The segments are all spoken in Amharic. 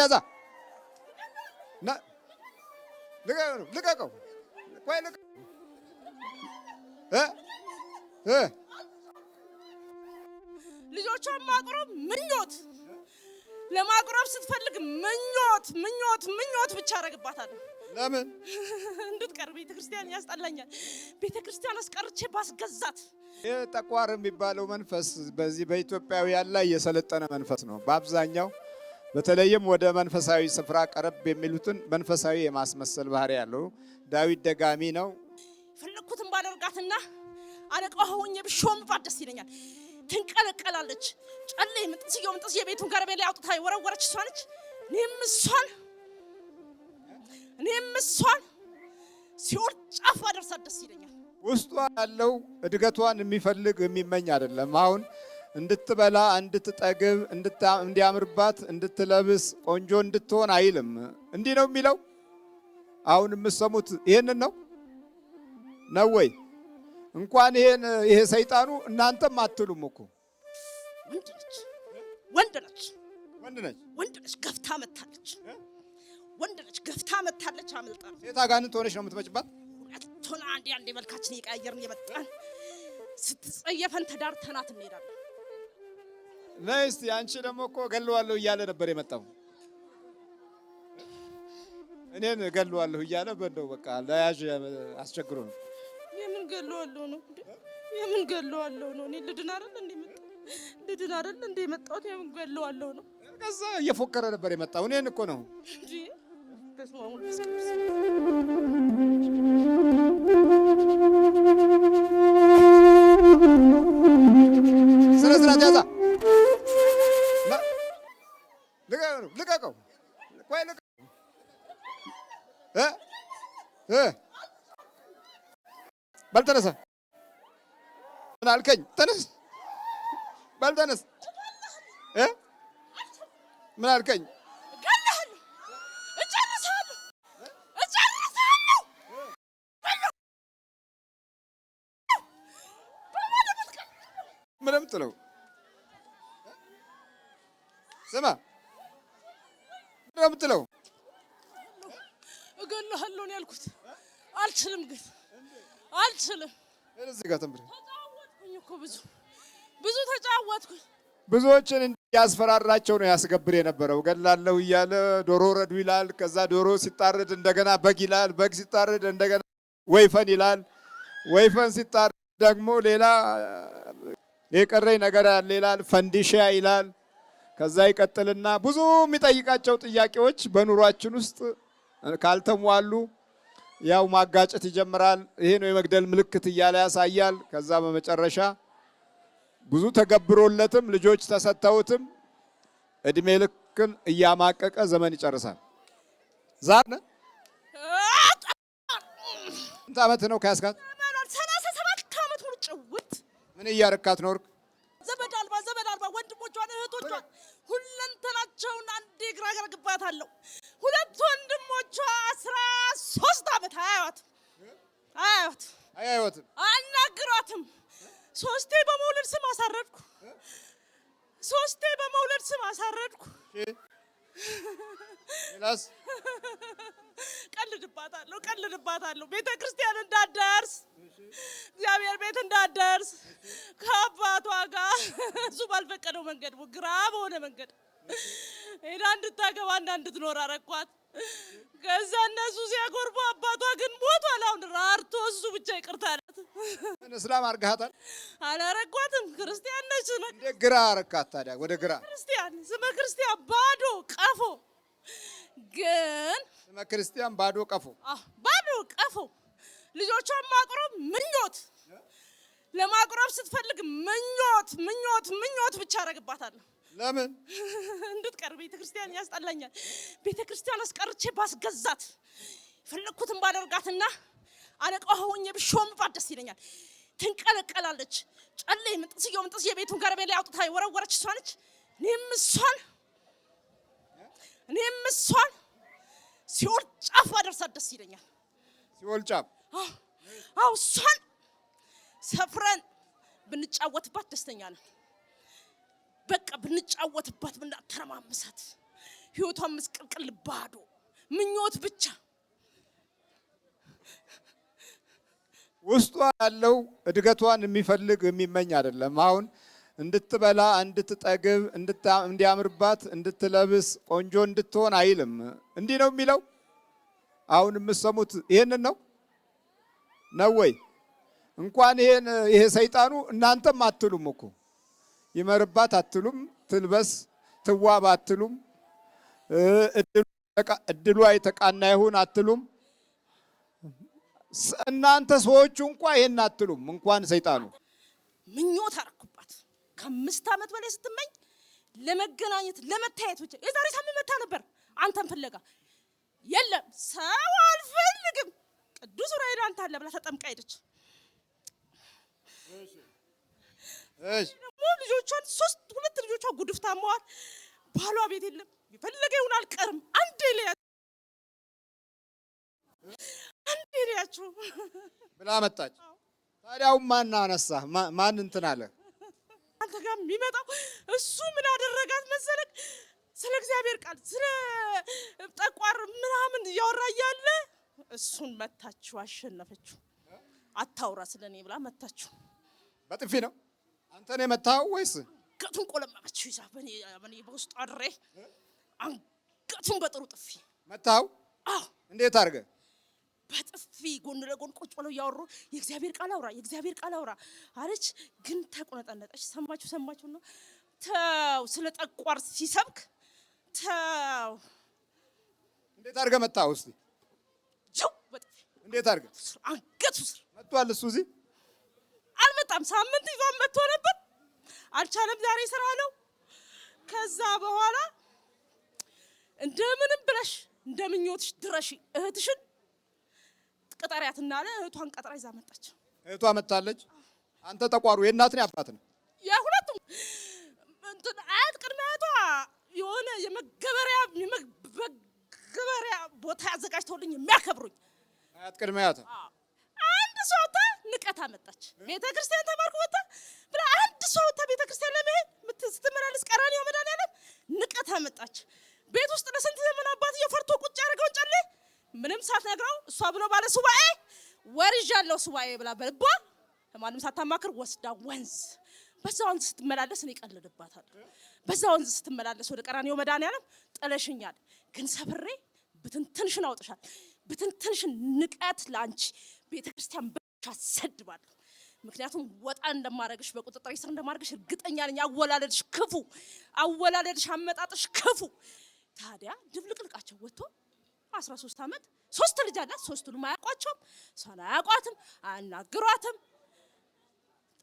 ያዛት ያዛ ልቀቀው ልጆቿን ማቅረብ ምኞት ለማቅረብ ስትፈልግ ምኞት ምኞት ምኞት ብቻ አደርግባታለሁ። ለምን እንድትቀር ቤተክርስቲያን ያስጠላኛል። ቤተክርስቲያን አስቀርቼ ባስገዛት። ይህ ጠቋር የሚባለው መንፈስ በዚህ በኢትዮጵያውያን ላይ የሰለጠነ መንፈስ ነው በአብዛኛው በተለይም ወደ መንፈሳዊ ስፍራ ቀረብ የሚሉትን መንፈሳዊ የማስመሰል ባህሪ ያለው ዳዊት ደጋሚ ነው። የፈለግኩትን ባደርጋትና አለቃ ሆኜ ብሾምባት ደስ ይለኛል። ትንቀለቀላለች። ጨሌ ምጥስዮ ምጥስ የቤቱን ገረቤ ላይ አውጥታ የወረወረች እሷ እኔም እሷን እኔም እሷን ሲኦል ጫፍ አደርሳት ደስ ይለኛል። ውስጧ ያለው እድገቷን የሚፈልግ የሚመኝ አይደለም አሁን እንድትበላ እንድትጠግብ፣ እንዲያምርባት፣ እንድትለብስ፣ ቆንጆ እንድትሆን አይልም። እንዲህ ነው የሚለው። አሁን የምትሰሙት ይህንን ነው ነው ወይ? እንኳን ይሄን ይሄ ሰይጣኑ እናንተም አትሉም እኮ ወንድ ነች፣ ወንድ ነች፣ ወንድ ነች፣ ገፍታ መታለች፣ ወንድ ነች፣ ገፍታ መታለች። አመልጣ ሴት አጋንንት ሆነች ነው የምትመጭባት። ቶና አንዴ አንዴ መልካችን እየቀያየርን የመጣን ስትጸየፈን ተዳርተናት እንሄዳለን ነይ እስቲ አንቺ ደግሞ እኮ እገለዋለሁ እያለ ነበር የመጣው። እኔን እገለዋለሁ እያለ በእንደው በቃ ለያዥ አስቸግሮ ነው። የምን ገለዋለሁ ነው? የምን ገለዋለሁ ነው? እኔ ልድን አይደል እንደ መጣሁ ልድን አይደል እንደ መጣሁት የምን ገለዋለሁ ነው? ከዛ እየፎከረ ነበር የመጣው። እኔን እኮ ነው እንጂ ነው። ልቀቀው፣ ቆይ ልቀቀው። በል ተነሳ አልከኝ። ተነስ፣ በል ተነስ። ምን አልከኝ? ምንም ጥለው ስማ ነው የምትለው? እገለሃለሁ ነው ያልኩት። አልችልም ግን አልችልም። እዚህ ጋር ተጫወትኩኝ እኮ ብዙ ብዙ ተጫወትኩኝ። ብዙዎችን ነው ያስገብር የነበረው። እገላለሁ እያለ ዶሮ ረዱ ይላል። ከዛ ዶሮ ሲጣርድ እንደገና በግ ይላል። በግ እንደገና ወይፈን ይላል። ወይፈን ደግሞ ሌላ የቀረኝ ነገር አለ ይላል። ፈንዲሻ ይላል። ከዛ ይቀጥልና ብዙ የሚጠይቃቸው ጥያቄዎች በኑሯችን ውስጥ ካልተሟሉ ያው ማጋጨት ይጀምራል። ይሄ ነው የመግደል ምልክት እያለ ያሳያል። ከዛ በመጨረሻ ብዙ ተገብሮለትም ልጆች ተሰጥተውትም እድሜ ልክን እያማቀቀ ዘመን ይጨርሳል። ዛሬ ስንት ዓመት ነው ከያስካት? ምን እያረካት ኖርክ? አያታለሁ። ሁለት ወንድሞቿ አስራ ሶስት ዓመት አያዩት አያዩት አያዩትም አናግሯትም። ሶስቴ በመውለድ ስም አሳረድኩ። ሶስቴ በመውለድ ስም አሳረድኩ። ላስ ቀልድባታለሁ ቀልድባታለሁ። ቤተ ክርስቲያን እንዳደርስ እግዚአብሔር ቤት እንዳደርስ ከአባቷ ጋር እሱ ባልፈቀደው መንገድ ግራ በሆነ መንገድ ሄዳ እንድታገባ እና እንድትኖር አረኳት። ከዛ እነሱ ሲያጎርቡ አባቷ ግን ሞቷል። አሁን ራርቶ እሱ ብቻ ይቅርታ አላት። እስላም አርጋታል። አላረኳትም። ክርስቲያን ነች። ወደ ግራ አረካት። ታዲያ ወደ ግራ ክርስቲያን ስመ ክርስቲያን ባዶ ቀፎ ግን ስመ ክርስቲያን ባዶ ቀፎ ባዶ ቀፎ ልጆቿን ማቅረብ ምኞት ለማቅረብ ስትፈልግ ምኞት ምኞት ምኞት ብቻ አረግባታለሁ ለምን እንድትቀር ቤተክርስቲያን ያስጠላኛል። ቤተክርስቲያን አስቀርቼ ባስገዛት የፈለግኩትን ባደርጋትና አለቃ ሆኜ ብሾምባት ደስ ይለኛል። ትንቀለቀላለች። ጨሌ ምጥስዮ ምጥስ የቤቱን ገረቤ ላይ አውጥታ የወረወረች እሷ ነች። እኔም እሷን እኔም እሷን ሲኦል ጫፍ ባደርሳት ደስ ይለኛል። ሲኦል ጫፍ አዎ፣ እሷን ሰፍረን ብንጫወትባት ደስተኛ ነው። በቃ ብንጫወትባት ብናተረማምሳት ህይወቷን ምስቅልቅል ባዶ ምኞት ብቻ ውስጧ ያለው እድገቷን የሚፈልግ የሚመኝ አይደለም። አሁን እንድትበላ፣ እንድትጠግብ፣ እንዲያምርባት፣ እንድትለብስ፣ ቆንጆ እንድትሆን አይልም። እንዲህ ነው የሚለው። አሁን የምትሰሙት ይህንን ነው ነው ወይ? እንኳን ይሄን ይሄ ሰይጣኑ እናንተም አትሉም እኮ ይመርባት አትሉም፣ ትልበስ ትዋብ አትሉም፣ እድሏ የተቃና ይሁን አትሉም። እናንተ ሰዎቹ እንኳ ይሄን አትሉም፣ እንኳን ሰይጣኑ ምኞት አረኩባት። ከአምስት ዓመት በላይ ስትመኝ ለመገናኘት ለመታየት ብቻ የዛሬ ሳምንት መታ ነበር አንተን ፍለጋ የለም ሰው አልፈልግም ቅዱስ ራይዳ አንተ አለ ብላ ተጠምቃ ሄደች። ደግሞ ልጆቿን ሶስት ሁለት ልጆቿ ጉድፍ ታመዋል። ባሏ ቤት የለም። የፈለገ ይሁን አልቀርም። አንዴ ላያት አንዴ ላያችሁ ብላ መጣች። ታዲያው ማን አነሳ? ማን እንትን አለ? አንተ ጋር የሚመጣው እሱ ምን አደረጋት መሰለክ? ስለ እግዚአብሔር ቃል ስለ ጠቋር ምናምን እያወራ እያለ እሱን መታችሁ፣ አሸነፈችው። አታውራ ስለ እኔ ብላ መታችሁ። በጥፊ ነው አንተን የመታው ወይስ አንገቱን ቆለመመችው? ይዛ በኔ በውስጡ አድሬ አንገቱን በጥሩ ጥፊ መታው። እንዴት አድርገ በጥፊ ጎን ለጎን ቁጭ ብለው እያወሩ የእግዚአብሔር ቃል አውራ የእግዚአብሔር ቃል አውራ አለች፣ ግን ተቆነጠነጠች። ሰማችሁ ሰማችሁ ነው። ተው ስለ ጠቋር ሲሰብክ ተው። እንዴት አድርገ መታው? እስቲ ጅው በጥፊ እንዴት አድርገ አንገቱ ስር መቷል። እሱ እዚህ አልመጣም። ሳምንት ይዟን መጥቶ ነበር፣ አልቻለም። ዛሬ ስራ ነው። ከዛ በኋላ እንደምንም ብለሽ እንደምኞትሽ ድረሽ እህትሽን ቅጠሪያት እናለ። እህቷን ቀጥራ ይዛ መጣች። እህቷ መጣለች። አንተ ተቋሩ የእናትን ያባት ነው የሁለቱም አያት ቅድመ አያቷ የሆነ የመገበሪያ የመገበሪያ ቦታ አዘጋጅተውልኝ የሚያከብሩኝ አያት ቅድመ እህቷ አንድ ሰው ወጣ ንቀት አመጣች። ቤተ ክርስቲያን ተማርኩ ወጣ ብላ አንድ ሰው ወጣ ቤተ ክርስቲያን ለመሄድ ስትመላለስ ቀራንዮ መድኃኔዓለም ንቀት አመጣች። ቤት ውስጥ ለስንት ዘመን አባትዬው ፈርቶ ቁጭ ያደረገውን ጨሌ ምንም ሳትነግረው እሷ ብሎ ባለ ሱባኤ ወርዣለሁ ሱባኤ ብላ በልቧ ማንም ሳታማክር ወስዳ ወንዝ በዛ ወንዝ ስትመላለስ እኔ እቀልድባታለሁ። በዛ ወንዝ ስትመላለስ ወደ ቀራንዮ መድኃኔዓለም ጥለሽኛል፣ ግን ሰብሬ ብትንትንሽን አውጥሻል። ብትንትንሽን ንቀት ለአንቺ ቤተክርስቲያን ብቻ ሰድባለሁ። ምክንያቱም ወጣ እንደማድረግሽ በቁጥጥር ስር እንደማድረግሽ እርግጠኛ ነኝ። አወላለድሽ ክፉ፣ አወላለድሽ አመጣጥሽ ክፉ። ታዲያ ድብልቅልቃቸው ወጥቶ 13 ዓመት ሶስት ልጅ አላት። ሶስቱንም አያውቋቸውም፣ እሷን አያውቋትም፣ አያናግሯትም።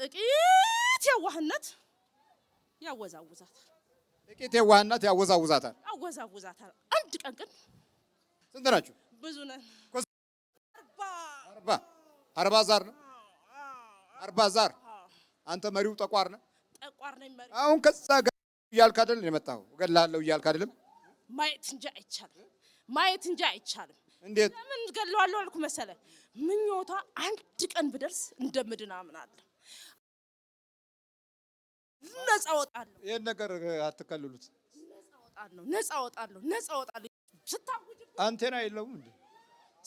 ጥቂት የዋህነት ያወዛውዛታል። ጥቂት የዋህነት ያወዛውዛታል፣ አወዛውዛታል። አንድ ቀን ግን ስንት ናችሁ? ብዙ ነን። አርባ ዛር ነው። አርባ ዛር አንተ መሪው ጠቋር ነህ። አሁን ከዛ ጋር እያልክ አይደል የመጣው? እገድልሃለሁ እያልክ አይደለም? ማየት እንጂ አይቻልም። ማየት እንጂ አይቻልም። እንዴት ምን እገድለዋለሁ አልኩ መሰለህ? ምኞታ አንድ ቀን ብደርስ እንደምድን አምናለሁ። ነፃ ወጣለሁ። ይሄን ነገር አትከልሉት። ነፃ ወጣለሁ። ነፃ ወጣለሁ። ስታውጅ አንቴና የለውም እንዴ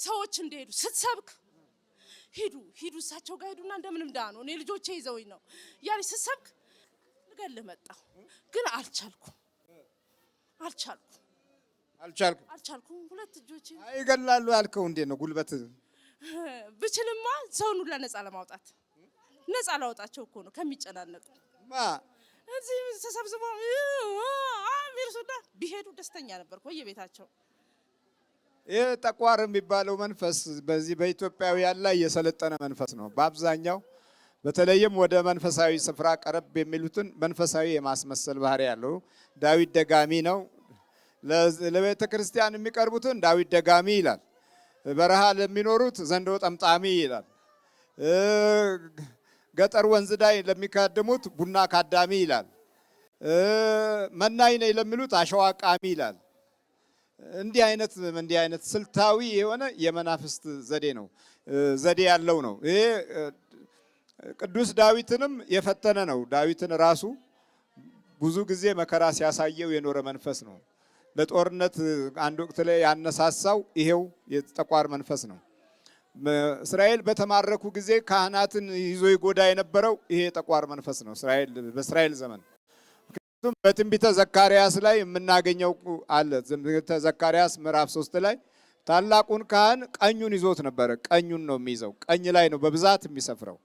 ሰዎች እንደሄዱ ስትሰብክ ሂዱ ሂዱ እሳቸው ጋር ሂዱና እንደምንም ዳኑ። እኔ ልጆቼ ይዘውኝ ነው እያለች ስትሰብክ ልገልህ መጣሁ፣ ግን አልቻልኩ አልቻልኩ አልቻልኩ አልቻልኩ ሁለት እጆቼ ይገላሉ ያልከው እንዴት ነው? ጉልበት ብችልማ ሰውን ሁላ ነፃ ለማውጣት ነፃ ላወጣቸው እኮ ነው ከሚጨናነቁ እዚህ ተሰብስበው አሚር ሱዳን ቢሄዱ ደስተኛ ነበርኩ። የቤታቸው ይህ ጠቋር የሚባለው መንፈስ በዚህ በኢትዮጵያውያን ላይ የሰለጠነ መንፈስ ነው። በአብዛኛው በተለይም ወደ መንፈሳዊ ስፍራ ቀረብ የሚሉትን መንፈሳዊ የማስመሰል ባህሪ ያለው ዳዊት ደጋሚ ነው። ለቤተ ክርስቲያን የሚቀርቡትን ዳዊት ደጋሚ ይላል። በረሃ ለሚኖሩት ዘንዶ ጠምጣሚ ይላል። ገጠር ወንዝ ላይ ለሚካድሙት ቡና ካዳሚ ይላል። መናኝ ነኝ ለሚሉት አሸዋ ቃሚ ይላል። እንዲህ አይነት እንዲህ አይነት ስልታዊ የሆነ የመናፍስት ዘዴ ነው ዘዴ ያለው ነው። ይሄ ቅዱስ ዳዊትንም የፈተነ ነው። ዳዊትን ራሱ ብዙ ጊዜ መከራ ሲያሳየው የኖረ መንፈስ ነው። ለጦርነት አንድ ወቅት ላይ ያነሳሳው ይሄው የጠቋር መንፈስ ነው። እስራኤል በተማረኩ ጊዜ ካህናትን ይዞ ይጎዳ የነበረው ይሄ የጠቋር መንፈስ ነው። በእስራኤል ዘመን በትንቢተ ዘካርያስ ላይ የምናገኘው አለ። ትንቢተ ዘካርያስ ምዕራፍ ሶስት ላይ ታላቁን ካህን ቀኙን ይዞት ነበረ። ቀኙን ነው የሚይዘው። ቀኝ ላይ ነው በብዛት የሚሰፍረው።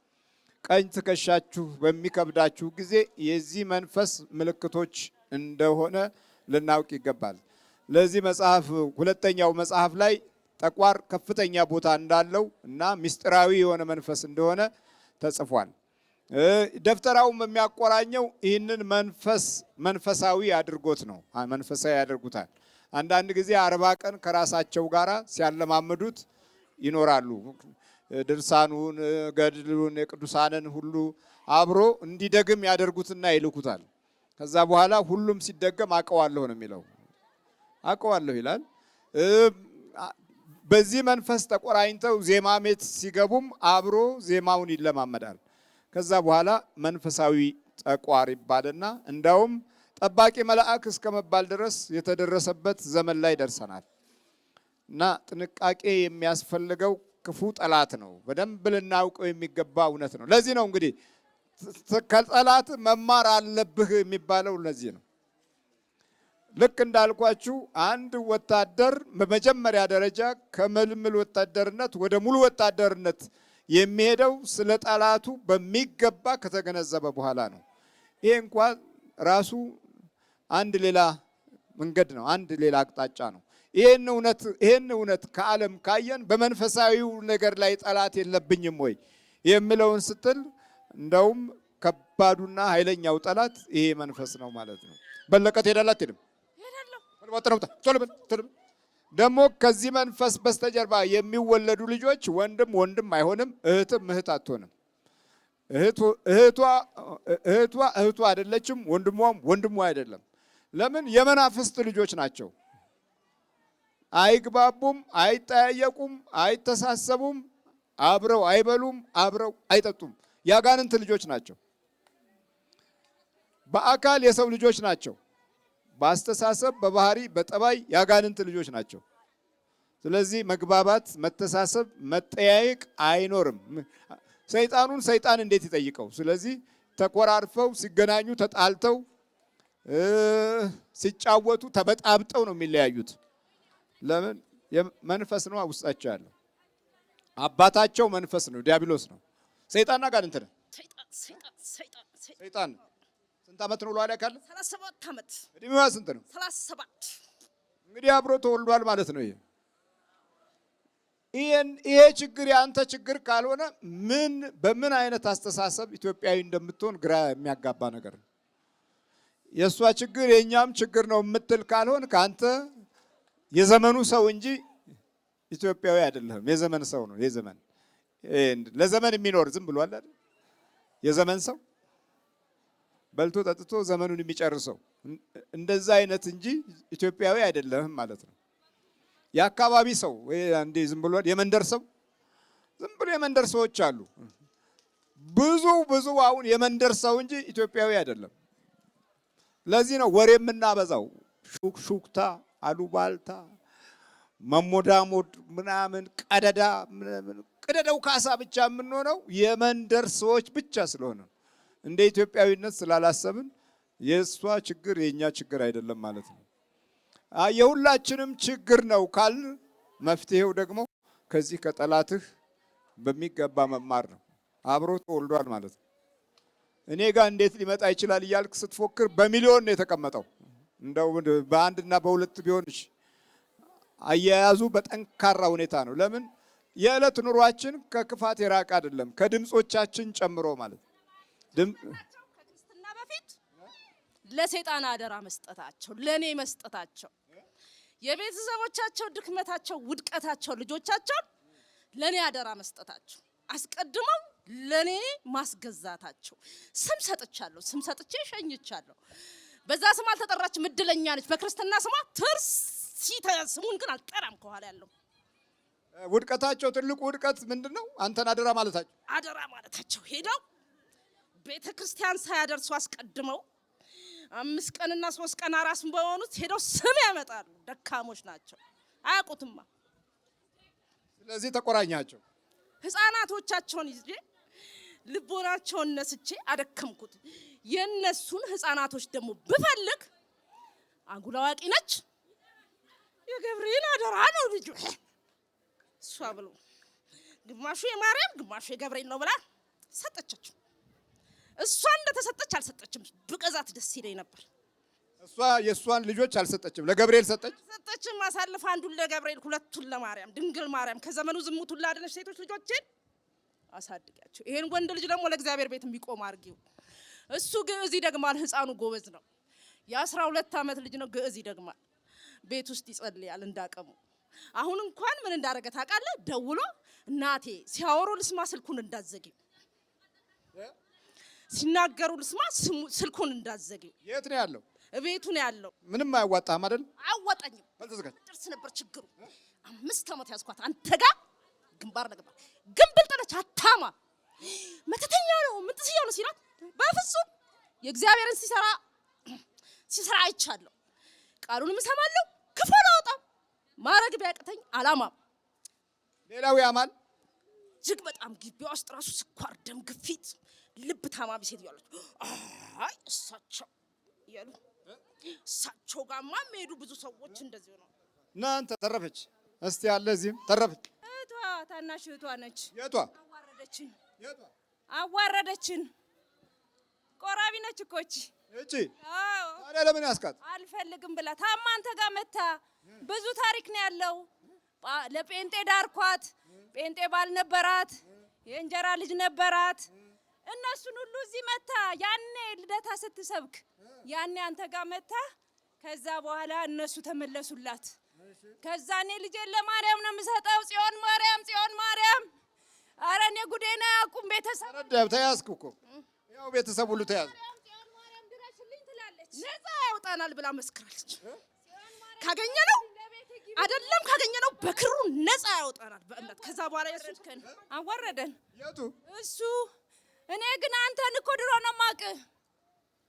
ቀኝ ትከሻችሁ በሚከብዳችሁ ጊዜ የዚህ መንፈስ ምልክቶች እንደሆነ ልናውቅ ይገባል። ለዚህ መጽሐፍ ሁለተኛው መጽሐፍ ላይ ጠቋር ከፍተኛ ቦታ እንዳለው እና ምስጢራዊ የሆነ መንፈስ እንደሆነ ተጽፏል። ደብተራውን የሚያቆራኘው ይህንን መንፈስ መንፈሳዊ አድርጎት ነው። መንፈሳዊ ያደርጉታል። አንዳንድ ጊዜ አርባ ቀን ከራሳቸው ጋር ሲያለማምዱት ይኖራሉ። ድርሳኑን፣ ገድሉን፣ የቅዱሳንን ሁሉ አብሮ እንዲደግም ያደርጉትና ይልኩታል። ከዛ በኋላ ሁሉም ሲደገም አቀዋለሁ ነው የሚለው። አቀዋለሁ ይላል። በዚህ መንፈስ ተቆራኝተው ዜማ ቤት ሲገቡም አብሮ ዜማውን ይለማመዳል። ከዛ በኋላ መንፈሳዊ ጠቋር ይባልና እንዳውም ጠባቂ መልአክ እስከ መባል ድረስ የተደረሰበት ዘመን ላይ ደርሰናል። እና ጥንቃቄ የሚያስፈልገው ክፉ ጠላት ነው። በደንብ ልናውቀው የሚገባ እውነት ነው። ለዚህ ነው እንግዲህ ከጠላት መማር አለብህ የሚባለው ለዚህ ነው። ልክ እንዳልኳችሁ አንድ ወታደር በመጀመሪያ ደረጃ ከምልምል ወታደርነት ወደ ሙሉ ወታደርነት የሚሄደው ስለ ጠላቱ በሚገባ ከተገነዘበ በኋላ ነው። ይሄ እንኳን ራሱ አንድ ሌላ መንገድ ነው፣ አንድ ሌላ አቅጣጫ ነው። ይሄን እውነት ከዓለም ካየን በመንፈሳዊው ነገር ላይ ጠላት የለብኝም ወይ የሚለውን ስትል እንደውም ከባዱና ኃይለኛው ጠላት ይሄ መንፈስ ነው ማለት ነው። በለቀት ሄዳላት ሄድም ደግሞ ከዚህ መንፈስ በስተጀርባ የሚወለዱ ልጆች ወንድም ወንድም አይሆንም፣ እህትም እህት አትሆንም። እህቷ እህቱ አይደለችም፣ ወንድሟም ወንድሟ አይደለም። ለምን? የመናፍስት ልጆች ናቸው። አይግባቡም፣ አይጠያየቁም፣ አይተሳሰቡም፣ አብረው አይበሉም፣ አብረው አይጠጡም። ያጋንንት ልጆች ናቸው። በአካል የሰው ልጆች ናቸው። በአስተሳሰብ በባህሪ በጠባይ ያጋንንት ልጆች ናቸው። ስለዚህ መግባባት፣ መተሳሰብ፣ መጠያየቅ አይኖርም። ሰይጣኑን ሰይጣን እንዴት ይጠይቀው? ስለዚህ ተኮራርፈው ሲገናኙ ተጣልተው ሲጫወቱ ተበጣብጠው ነው የሚለያዩት። ለምን? መንፈስ ነው ውስጣቸው ያለው። አባታቸው መንፈስ ነው፣ ዲያብሎስ ነው። ሰይጣንና ጋር እንትን ሰይጣን ስንት ዓመት ነው ሏል ያካለ 37 ሰባት ዓመት እድሜዋ ስንት ነው? 37 እንግዲህ አብሮ ተወልዷል ማለት ነው። ይሄ ይሄ ችግር የአንተ ችግር ካልሆነ ምን በምን አይነት አስተሳሰብ ኢትዮጵያዊ እንደምትሆን ግራ የሚያጋባ ነገር ነው። የእሷ ችግር የእኛም ችግር ነው የምትል ካልሆን ከአንተ የዘመኑ ሰው እንጂ ኢትዮጵያዊ አይደለም። የዘመን ሰው ነው። የዘመን ለዘመን የሚኖር ዝም ብሏል አይደል? የዘመን ሰው በልቶ ጠጥቶ ዘመኑን የሚጨርሰው እንደዛ አይነት እንጂ ኢትዮጵያዊ አይደለም ማለት ነው። የአካባቢ ሰው ወይ ዝም ብሎ የመንደር ሰው ዝም ብሎ የመንደር ሰዎች አሉ ብዙ ብዙ አሁን የመንደር ሰው እንጂ ኢትዮጵያዊ አይደለም። ለዚህ ነው ወሬ የምናበዛው፣ ሹክሹክታ፣ አሉባልታ፣ መሞዳሞድ ምናምን ቀደዳ ቅደደው ካሳ ብቻ የምንሆነው የመንደር ሰዎች ብቻ ስለሆነ እንደ ኢትዮጵያዊነት ስላላሰብን የእሷ ችግር የእኛ ችግር አይደለም ማለት ነው። የሁላችንም ችግር ነው ካል መፍትሄው ደግሞ ከዚህ ከጠላትህ በሚገባ መማር ነው። አብሮ ተወልዷል ማለት ነው። እኔ ጋር እንዴት ሊመጣ ይችላል እያልክ ስትፎክር በሚሊዮን ነው የተቀመጠው። እንደው በአንድና በሁለት ቢሆንሽ አያያዙ በጠንካራ ሁኔታ ነው። ለምን የዕለት ኑሯችን ከክፋት የራቀ አይደለም፣ ከድምፆቻችን ጨምሮ ማለት ነው። ከክርስትና በፊት ለሰይጣን አደራ መስጠታቸው፣ ለእኔ መስጠታቸው፣ የቤተሰቦቻቸው ድክመታቸው፣ ውድቀታቸው፣ ልጆቻቸው ለእኔ አደራ መስጠታቸው፣ አስቀድመው ለእኔ ማስገዛታቸው። ስም ሰጥቻለሁ፣ ስም ሰጥቼ ሸኝቻለሁ። በዛ ስም አልተጠራች እድለኛ ነች። በክርስትና ስሟ ትርስ ስሙን ግን አልጠራም። ከኋላ ያለው ውድቀታቸው ትልቁ ውድቀት ምንድን ነው? አንተን አደራ ማለታቸው አደራ ማለታቸው ሄደው ቤተ ክርስቲያን ሳያደርሱ አስቀድመው አምስት ቀንና ሶስት ቀን አራስም በሆኑት ሄደው ስም ያመጣሉ። ደካሞች ናቸው፣ አያውቁትማ። ስለዚህ ተቆራኛቸው። ህፃናቶቻቸውን ይዤ ልቦናቸውን ነስቼ አደከምኩት። የእነሱን ህፃናቶች ደግሞ ብፈልግ አጉል አዋቂ ነች። የገብርኤል አደራ ነው ልጁ እሷ ብሎ ግማሹ የማርያም ግማሹ የገብርኤል ነው ብላ ሰጠቻቸው። እሷ እንደተሰጠች አልሰጠችም። ብቀዛት ደስ ይለኝ ነበር። እሷ የእሷን ልጆች አልሰጠችም፣ ለገብርኤል ሰጠች። አልሰጠችም አሳልፈ አንዱን ለገብርኤል ሁለቱን ለማርያም ድንግል ማርያም ከዘመኑ ዝሙት ሁላ አድነሽ ሴቶች ልጆችን አሳድጋቸው። ይሄን ወንድ ልጅ ደግሞ ለእግዚአብሔር ቤት የሚቆም አድርጊው። እሱ ግዕዝ ይደግማል። ህፃኑ ጎበዝ ነው። የአስራ ሁለት ዓመት ልጅ ነው። ግዕዝ ይደግማል። ቤት ውስጥ ይጸልያል እንዳቀሙ አሁን እንኳን ምን እንዳደረገ ታውቃለህ? ደውሎ እናቴ ሲያወሩ ልስማ ስልኩን ሲናገሩ ልስማ። ስልኩን እንዳዘገ የት ነው ያለው? ቤቱ ነው ያለው። ምንም አያዋጣህም አይደል? አያዋጣኝም። ደርስ ነበር ችግሩ። አምስት ዓመት ያዝኳት አንተ ጋር ግንባር ነገባ ግን ብልጥ አታማ መተተኛ ነው ምን ምንጥስያ ነው ሲላት፣ በፍጹም የእግዚአብሔርን ሲሰራ ሲሰራ አይቻለሁ። ቃሉንም እሰማለሁ። ክፉ አላወጣም። ማረግ ቢያቅተኝ አላማም። ሌላው ያማል እጅግ በጣም ግቢዋ ውስጥ ራሱ ስኳር፣ ደም ግፊት ልብ ታማሚ ሴት እያለች አይ እሳቸው እያሉ እሳቸው ጋማ የሚሄዱ ብዙ ሰዎች እንደዚህ ነው። እናንተ ተረፈች፣ እስቲ ያለ እዚህም ተረፈች። እህቷ ታናሽ እህቷ ነች። የቷ አዋረደችን፣ አዋረደችን። ቆራቢ ነች እኮ እቺ እቺ። ታዲያ ለምን ያስቃት? አልፈልግም ብላ ታማ አንተ ጋር መታ። ብዙ ታሪክ ነው ያለው። ለጴንጤ ዳርኳት። ጴንጤ ባል ነበራት፣ የእንጀራ ልጅ ነበራት። እነሱን ሁሉ እዚህ መታ ያኔ ልደታ ስትሰብክ ያኔ አንተ ጋር መታ። ከዛ በኋላ እነሱ ተመለሱላት። ከዛ እኔ ልጄን ለማርያም ነው የምሰጠው። ጽዮን ማርያም፣ ጽዮን ማርያም። አረ እኔ ጉዴና ያቁም ቤተሰብ ተያዝኩ እኮ ያው ቤተሰብ ሁሉ ተያዝ ነፃ ያውጣናል ብላ መስክራለች። ካገኘ ነው አይደለም ካገኘ ነው በክሩ ነፃ ያውጣናል በእምነት ከዛ በኋላ የሱ አወረደን እሱ እኔ ግን አንተን እኮ ድሮ ነው የማውቅህ።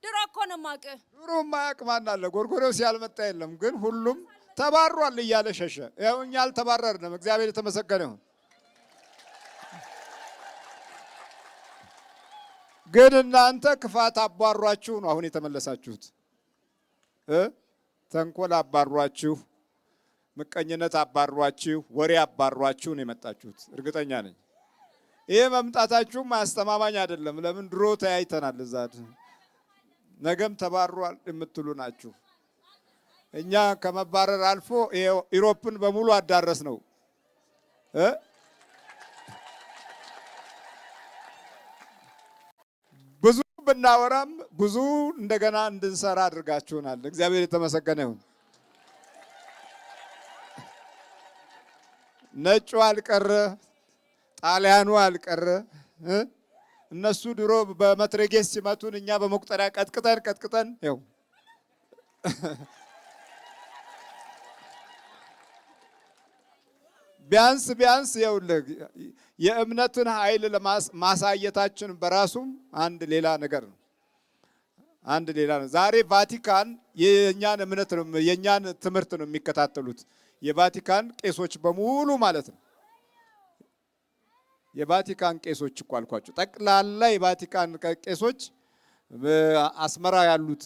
ድሮ እኮ ነው የማውቅህ። ድሮ የማያውቅ ማን አለ? ጎርጎርዮስ ያልመጣ የለም። ግን ሁሉም ተባሯል እያለ ሸሸ። ያው እኛ አልተባረርንም። እግዚአብሔር የተመሰገነ ይሁን። ግን እናንተ ክፋት አባሯችሁ ነው አሁን የተመለሳችሁት። ተንኮል አባሯችሁ፣ ምቀኝነት አባሯችሁ፣ ወሬ አባሯችሁ ነው የመጣችሁት። እርግጠኛ ነኝ። ይሄ መምጣታችሁም አስተማማኝ አይደለም። ለምን ድሮ ተያይተናል፣ እዛ ነገም ተባሯል የምትሉ ናችሁ። እኛ ከመባረር አልፎ ኢሮፕን በሙሉ አዳረስ ነው። ብዙ ብናወራም ብዙ እንደገና እንድንሰራ አድርጋችሁናል። እግዚአብሔር የተመሰገነ ይሁን። ነጩ አልቀረ ጣሊያኑ አልቀረ። እነሱ ድሮ በመትረጌስ ሲመቱን እኛ በመቁጠሪያ ቀጥቅጠን ቀጥቅጠን ው ቢያንስ ቢያንስ ይኸውልህ የእምነትን ኃይል ማሳየታችን በራሱም አንድ ሌላ ነገር ነው። አንድ ሌላ ነው። ዛሬ ቫቲካን የእኛን እምነት ነው የእኛን ትምህርት ነው የሚከታተሉት የቫቲካን ቄሶች በሙሉ ማለት ነው። የቫቲካን ቄሶች እኮ አልኳቸው። ጠቅላላ የቫቲካን ቄሶች አስመራ ያሉት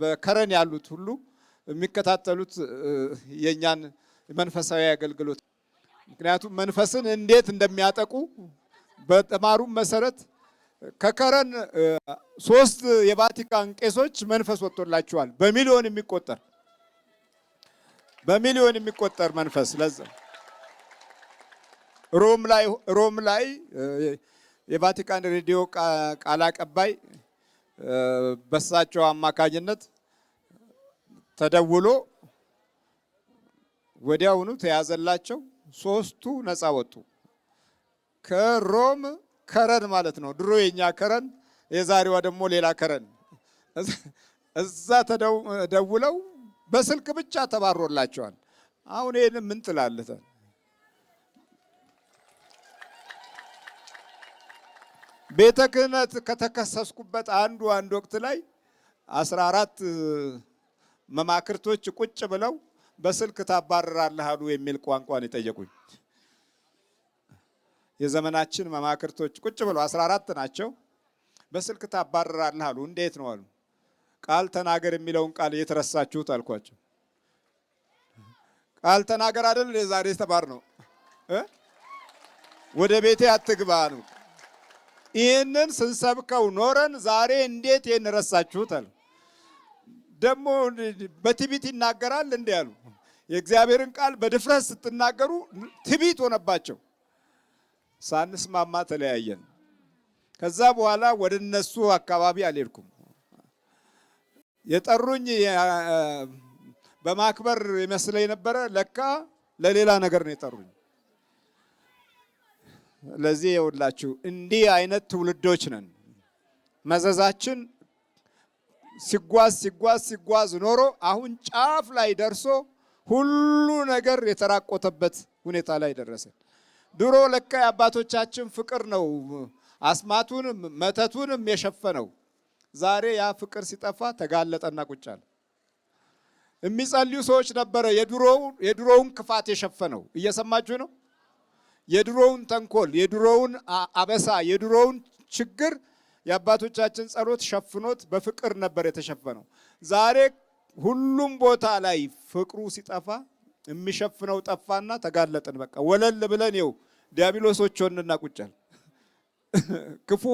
በከረን ያሉት ሁሉ የሚከታተሉት የእኛን መንፈሳዊ አገልግሎት ምክንያቱም መንፈስን እንዴት እንደሚያጠቁ በተማሩም መሰረት ከከረን ሶስት የቫቲካን ቄሶች መንፈስ ወጥቶላቸዋል። በሚሊዮን የሚቆጠር በሚሊዮን የሚቆጠር መንፈስ ለዛ ሮም ላይ ሮም ላይ የቫቲካን ሬዲዮ ቃል አቀባይ በሳቸው አማካኝነት ተደውሎ ወዲያውኑ ተያዘላቸው። ሶስቱ ነፃ ወጡ። ከሮም ከረን ማለት ነው። ድሮ የኛ ከረን፣ የዛሬዋ ደግሞ ሌላ ከረን። እዛ ተደውለው በስልክ ብቻ ተባሮላቸዋል። አሁን ይህን ምን ትላለህ? ቤተ ክህነት ከተከሰስኩበት አንዱ አንድ ወቅት ላይ አስራ አራት መማክርቶች ቁጭ ብለው በስልክ ታባረራለህ አሉ የሚል ቋንቋን የጠየቁኝ የዘመናችን መማክርቶች ቁጭ ብለው አስራ አራት ናቸው። በስልክ ታባረራለህ አሉ። እንዴት ነው አሉ። ቃል ተናገር የሚለውን ቃል የት ረሳችሁት አልኳቸው። ቃል ተናገር አይደል ዛሬ ተባር ነው። ወደ ቤቴ አትግባ ነው ይህንን ስንሰብከው ኖረን ዛሬ እንዴት ይህን ረሳችሁት? አሉ። ደግሞ በትቢት ይናገራል እንዲህ አሉ። የእግዚአብሔርን ቃል በድፍረት ስትናገሩ ትቢት ሆነባቸው። ሳንስማማ ተለያየን። ከዛ በኋላ ወደ እነሱ አካባቢ አልሄድኩም። የጠሩኝ በማክበር ይመስለኝ ነበረ። ለካ ለሌላ ነገር ነው የጠሩኝ። ለዚህ የውላችሁ እንዲህ አይነት ትውልዶች ነን። መዘዛችን ሲጓዝ ሲጓዝ ሲጓዝ ኖሮ አሁን ጫፍ ላይ ደርሶ ሁሉ ነገር የተራቆተበት ሁኔታ ላይ ደረሰ። ድሮ ለካ የአባቶቻችን ፍቅር ነው አስማቱንም መተቱንም የሸፈነው። ዛሬ ያ ፍቅር ሲጠፋ ተጋለጠና ቁጭ አለ። የሚጸልዩ ሰዎች ነበረ የድሮውን ክፋት የሸፈነው። እየሰማችሁ ነው። የድሮውን ተንኮል፣ የድሮውን አበሳ፣ የድሮውን ችግር የአባቶቻችን ጸሎት ሸፍኖት በፍቅር ነበር የተሸፈነው። ዛሬ ሁሉም ቦታ ላይ ፍቅሩ ሲጠፋ የሚሸፍነው ጠፋና ተጋለጥን። በቃ ወለል ብለን ይኸው ዲያብሎሶች ሆንና ቁጫል ክፉ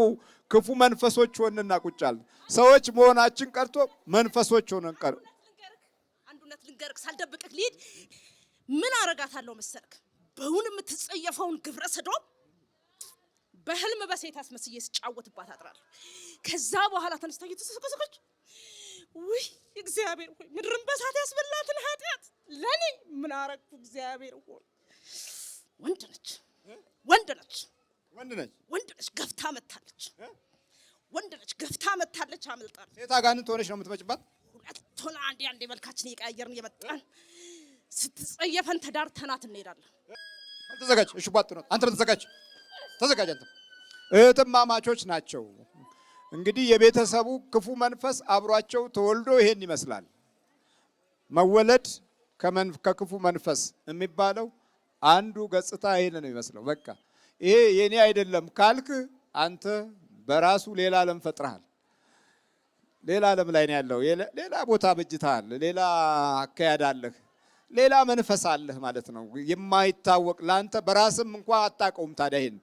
ክፉ መንፈሶች ሆንና ቁጫል። ሰዎች መሆናችን ቀርቶ መንፈሶች ሆነን ቀር አንዱነት ልንገርክ ሳልደብቅህ ልሂድ ምን አረጋታለሁ መሰልክ በእውን የምትጸየፈውን ግብረ ሰዶም በህልም በሴት አስመስዬ ስጫወትባት አጥራለሁ። ከዛ በኋላ ተነስታ እየተሰሰቀሰቀች ውይ እግዚአብሔር ሆይ ምድርን በሳት ያስበላትን ኃጢአት ለእኔ ምን አረግኩ? እግዚአብሔር ሆይ ወንድ ነች፣ ወንድ ነች፣ ወንድ ነች፣ ገፍታ መታለች። ወንድ ነች፣ ገፍታ መታለች። አመልጣለች። ሴት አጋንንት ሆነች ነው የምትመጭባት። ሁለት ሆና አንዴ አንዴ መልካችን እየቀያየርን እየመጣን ስትጸየፈን ተዳርተናት እንሄዳለን። ተዘጋጅ እሺ፣ ቧጥ ነው። አንተም ተዘጋጅ፣ ተዘጋጅ። አንተም እህትማማቾች ናቸው። እንግዲህ የቤተሰቡ ክፉ መንፈስ አብሯቸው ተወልዶ ይሄን ይመስላል። መወለድ ከክፉ መንፈስ የሚባለው አንዱ ገጽታ ይሄን ነው የሚመስለው። በቃ ይሄ የኔ አይደለም ካልክ አንተ በራሱ ሌላ ዓለም ፈጥረሃል። ሌላ ዓለም ላይ ነው ያለው። ሌላ ቦታ በጅተሃል። ሌላ አካሄድ አለህ። ሌላ መንፈስ አለህ ማለት ነው። የማይታወቅ ለአንተ በራስም እንኳ አታውቀውም። ታዲያ ይሄን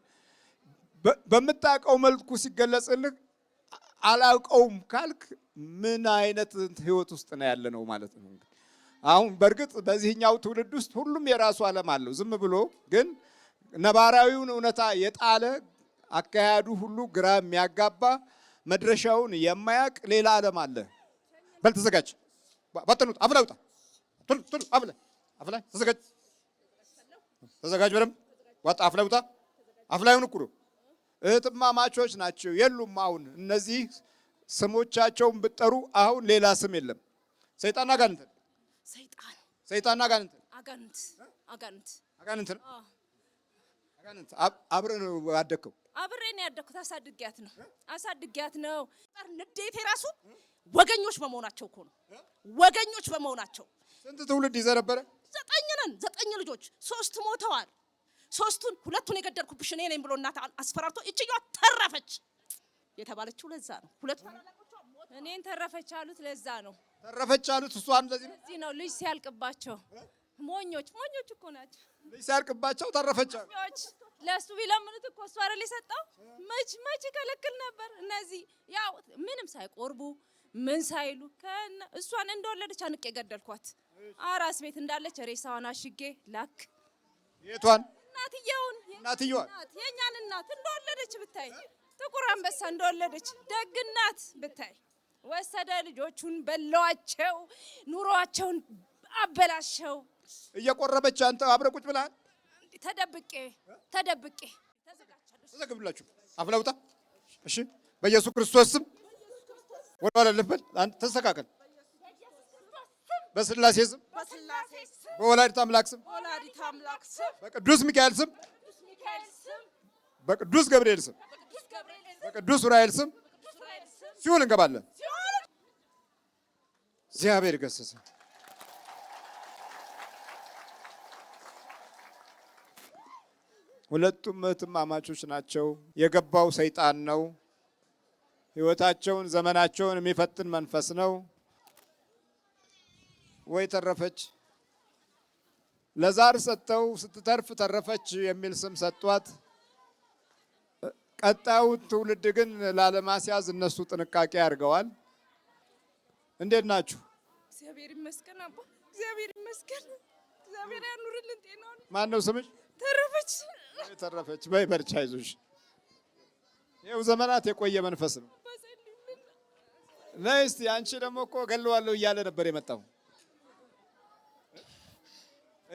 በምታውቀው መልኩ ሲገለጽልህ አላውቀውም ካልክ ምን አይነት ህይወት ውስጥ ነው ያለ ነው ማለት ነው። አሁን በእርግጥ በዚህኛው ትውልድ ውስጥ ሁሉም የራሱ ዓለም አለው። ዝም ብሎ ግን ነባራዊውን እውነታ የጣለ አካሄዱ ሁሉ ግራ የሚያጋባ መድረሻውን የማያውቅ ሌላ ዓለም አለ። በልተዘጋጅ በጥኑት አፍላውጣ ቱል ቱል አፍ ላይ ተዘጋጅ ተዘጋጅ፣ በደምብ ዋጣ አፍ ውጣ። አፍ ላይ እኩሉ እህትማማቾች ናቸው የሉም። አሁን እነዚህ ስሞቻቸውን ብጠሩ አሁን ሌላ ስም የለም። ሰይጣን አጋንንት፣ ሰይጣን ሰይጣን አጋንንት፣ አጋንንት አጋንንት አጋንንት አጋንንት አብረን ነው ያደግከው አብሬን ያደግኩት አሳድጊያት ነው አሳድጊያት ነው። ንዴቴ ራሱ ወገኞች በመሆናቸው እኮ ነው ወገኞች በመሆናቸው ስንት ትውልድ ይዘህ ነበረ? ዘጠኝ ነን፣ ዘጠኝ ልጆች፣ ሶስት ሞተዋል። ሶስቱን ሁለቱን የገደልኩብሽ እኔ ነኝ ብሎ እናት አስፈራርቶ እችኛዋ ተረፈች የተባለችው ለዛ ነው። ሁለቱ እኔን ተረፈች አሉት። ለዛ ነው ተረፈች አሉት። እሷን ለዚህ ነው ነው ልጅ ሲያልቅባቸው ሞኞች ሞኞች እኮ ናቸው። ልጅ ሲያልቅባቸው ተረፈች አሉት። ለሱ ቢለምኑት እኮ እሱ አይደል የሰጠው። መች መች ይከለክል ነበር? እነዚህ ያው ምንም ሳይቆርቡ ምን ሳይሉ እሷን እንደወለደች አንቄ ገደልኳት። አራስ ቤት እንዳለች ሬሳዋን አሽጌ ላክ። የቷን እናትየውን? እናትየዋን የእኛን እናት እንደወለደች ብታይ፣ ጥቁር አንበሳ እንደወለደች ደግ እናት ብታይ። ወሰደ ልጆቹን በለዋቸው፣ ኑሯቸውን አበላሸው። እየቆረበች አንተ አብረህ ቁጭ ብለሃል። ተደብቄ ተደብቄ ተዘግብላችሁ አፍላውጣ። እሺ፣ በኢየሱስ ክርስቶስ ስም ወደኋላ ልበል። አንተ ተስተካከል። በስላሴ ስም በወላዲተ አምላክ ስም በቅዱስ ሚካኤል ስም በቅዱስ ገብርኤል ስም በቅዱስ ዑራኤል ስም ሲውል እንገባለን። እግዚአብሔር ገሰሰ። ሁለቱም እህትማማቾች ናቸው። የገባው ሰይጣን ነው። ህይወታቸውን ዘመናቸውን የሚፈትን መንፈስ ነው። ወይ ተረፈች። ለዛር ሰጥተው ስትተርፍ ተረፈች የሚል ስም ሰጧት። ቀጣዩን ትውልድ ግን ላለማስያዝ እነሱ ጥንቃቄ አድርገዋል። እንዴት ናችሁ? እግዚአብሔር ይመስገን አባ፣ እግዚአብሔር ይመስገን። እግዚአብሔር ያኑርልን ጤናውን። ማን ነው ስምሽ? ተረፈች። ወይ ተረፈች በይ በርቻ፣ አይዞሽ። ይኸው ዘመናት የቆየ መንፈስ ነው። ነይ እስቲ አንቺ ደግሞ እኮ ገለዋለሁ እያለ ነበር የመጣው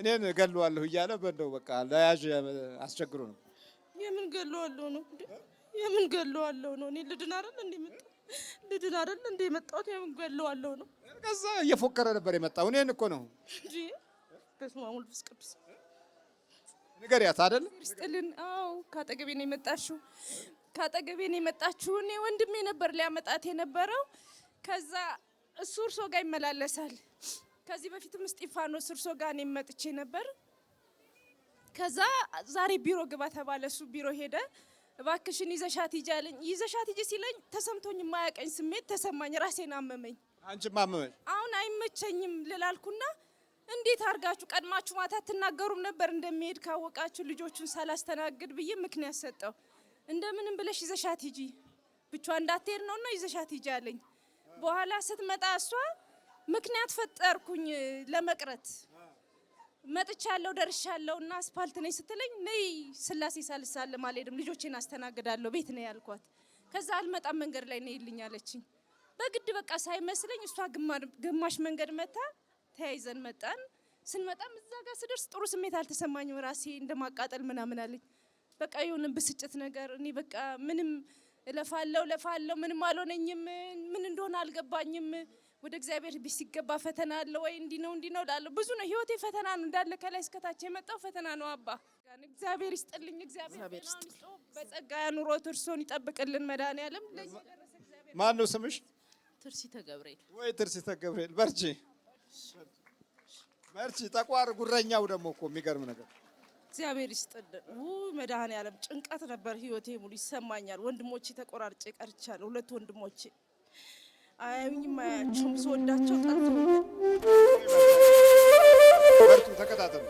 እኔን እገለዋለሁ እያለ በእንደው በቃ ለያዥ አስቸግሮ ነው። የምን ገለዋለሁ ነው የምን ገለዋለሁ ነው? እኔ ልድን አይደል እንደ መጣሁ ልድን አይደል እንደ መጣሁት የምን ገለዋለሁ ነው? ከዛ እየፎከረ ነበር የመጣው እኔን እኮ ነው። በስመ አብ ወልድ ወመንፈስ ቅዱስ ንገሪያት አይደል ስጥልን። አዎ ከአጠገቤ ነው የመጣችው፣ ከአጠገቤ ነው የመጣችው። እኔ ወንድሜ ነበር ሊያመጣት የነበረው። ከዛ እሱ እርሶ ጋር ይመላለሳል ከዚህ በፊትም እስጢፋኖስ እርሶ ጋር እኔም መጥቼ ነበር። ከዛ ዛሬ ቢሮ ግባ ተባለ። እሱ ቢሮ ሄደ። እባክሽን ይዘሻት ሂጂ አለኝ። ይዘሻት ሂጂ ሲለኝ ተሰምቶኝ የማያቀኝ ስሜት ተሰማኝ። ራሴን አመመኝ። አንቺም አመመኝ። አሁን አይመቸኝም ልላልኩና እንዴት አድርጋችሁ ቀድማችሁ ማታ ትናገሩም ነበር እንደሚሄድ ካወቃችሁ ልጆቹን ሳላስተናግድ ብዬ ምክንያት ሰጠው። እንደምንም ብለሽ ይዘሻት ሂጂ ብቻ እንዳትሄድ ነውና ይዘሻት ሂጂ አለኝ። በኋላ ስትመጣ እሷ ምክንያት ፈጠርኩኝ ለመቅረት መጥቻለሁ ደርሻለሁ እና አስፓልት ነኝ ስትለኝ ነይ ስላሴ ሳልሳለም አልሄድም ልጆቼን አስተናግዳለሁ ቤት ነው ያልኳት። ከዛ አልመጣም መንገድ ላይ ነይልኝ አለችኝ። በግድ በቃ ሳይመስለኝ እሷ ግማሽ መንገድ መታ ተያይዘን መጣን። ስንመጣም እዛ ጋር ስደርስ ጥሩ ስሜት አልተሰማኝም። ራሴ እንደማቃጠል ምናምን አለኝ። በቃ የሆነ ብስጭት ነገር እኔ በቃ ምንም እለፋለሁ ለፋለው ምንም አልሆነኝም። ምን እንደሆነ አልገባኝም። ወደ እግዚአብሔር ቤት ሲገባ ፈተና አለ ወይ? እንዲ ነው እንዲ ነው እላለሁ። ብዙ ነው ህይወቴ፣ ፈተና ነው እንዳለ። ከላይ እስከታች የመጣው ፈተና ነው። አባ እግዚአብሔር ይስጥልኝ፣ እግዚአብሔር በጸጋ ያኑሮት፣ እርሶን ይጠብቅልን። መድኃኒዓለም ማን ነው ስምሽ? ትርሲተ ገብርኤል ወይ ትርሲተ ገብርኤል። በርቺ በርቺ። ጠቋር ጉረኛው ደግሞ እኮ የሚገርም ነገር እግዚአብሔር ይስጥልን። መድኃኒዓለም ጭንቀት ነበር ህይወቴ ሙሉ ይሰማኛል። ወንድሞቼ ተቆራርጬ ቀርቻለሁ፣ ሁለት ወንድሞቼ አያዩኝም፣ አያቸውም ስወዳቸው ጠርቶ ተከታተሉ